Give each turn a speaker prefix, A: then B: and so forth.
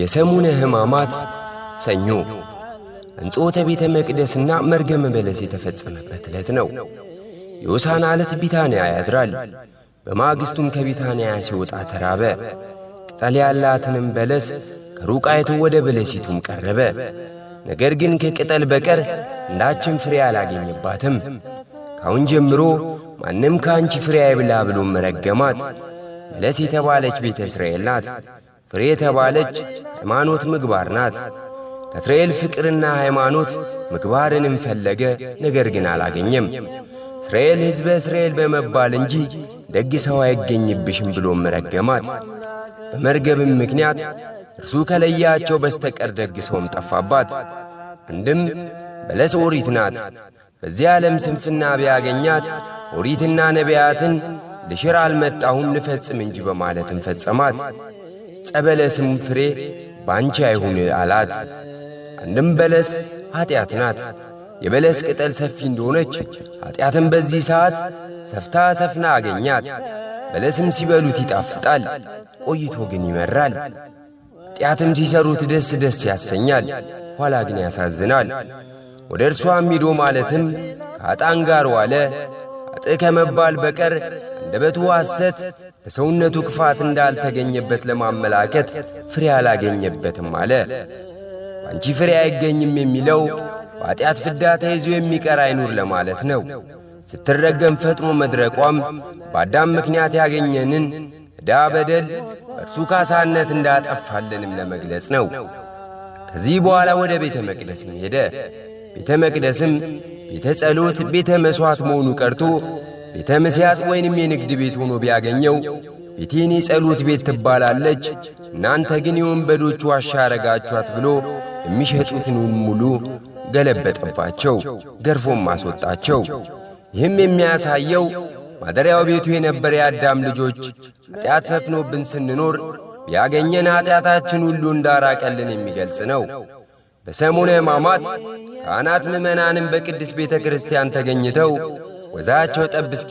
A: የሰሙነ ሕማማት ሰኞ እንጽሖተ ቤተ መቅደስና መርገመ በለስ የተፈጸመበት ዕለት ነው። የሆሳዕና ዕለት ቢታንያ ያድራል። በማግስቱም ከቢታንያ ሲወጣ ተራበ። ቅጠል ያላትንም በለስ ከሩቅ አይቶ ወደ በለሲቱም ቀረበ። ነገር ግን ከቅጠል በቀር እንዳችን ፍሬ አላገኘባትም። ካሁን ጀምሮ ማንም ከአንቺ ፍሬ አይብላ ብሎም ረገማት። በለስ የተባለች ቤተ እስራኤል ናት። ፍሬ የተባለች ሃይማኖት ምግባር ናት። ከእስራኤል ፍቅርና ሃይማኖት ምግባርንም ፈለገ፣ ነገር ግን አላገኘም። እስራኤል ሕዝበ እስራኤል በመባል እንጂ ደግ ሰው አይገኝብሽም ብሎም ረገማት። በመርገብም ምክንያት እርሱ ከለያቸው በስተቀር ደግ ሰውም ጠፋባት። አንድም በለስ ኦሪት ናት። በዚህ ዓለም ስንፍና ቢያገኛት ኦሪትና ነቢያትን ልሽር አልመጣሁም ልፈጽም እንጂ በማለትም ፈጸማት። ጸበለስም ፍሬ ባንቺ አይሁን አላት። አንድም በለስ ኀጢአት ናት። የበለስ ቅጠል ሰፊ እንደሆነች ኀጢአትም በዚህ ሰዓት ሰፍታ ሰፍና አገኛት። በለስም ሲበሉት ይጣፍጣል፣ ቆይቶ ግን ይመራል። ኀጢአትም ሲሰሩት ደስ ደስ ያሰኛል፣ ኋላ ግን ያሳዝናል። ወደ እርሷም ሂዶ ማለትም ከአጣን ጋር ዋለ አጥ ከመባል በቀር እንደበቱ ሐሰት በሰውነቱ ክፋት እንዳልተገኘበት ለማመላከት ፍሬ አላገኘበትም አለ። በአንቺ ፍሬ አይገኝም የሚለው በኀጢአት ፍዳ ተይዞ የሚቀር አይኑር ለማለት ነው። ስትረገም ፈጥኖ መድረቋም በአዳም ምክንያት ያገኘንን ዕዳ በደል እርሱ ካሳነት እንዳጠፋልንም ለመግለጽ ነው። ከዚህ በኋላ ወደ ቤተ መቅደስም ሄደ። ቤተ መቅደስም ቤተ ጸሎት፣ ቤተ መሥዋዕት መሆኑ ቀርቶ ቤተ መስያት ወይንም የንግድ ቤት ሆኖ ቢያገኘው ቤቴን የጸሎት ቤት ትባላለች፣ እናንተ ግን የወንበዶቹ ዋሻ አረጋችኋት ብሎ የሚሸጡትን ሙሉ ገለበጠባቸው፣ ገርፎም አስወጣቸው። ይህም የሚያሳየው ማደሪያው ቤቱ የነበረ የአዳም ልጆች ኀጢአት ሰፍኖብን ስንኖር ቢያገኘን ኀጢአታችን ሁሉ እንዳራቀልን የሚገልጽ ነው። በሰሙነ ሕማማት ካህናት ምእመናንም በቅድስት ቤተ ክርስቲያን ተገኝተው ወዛቸው ጠብ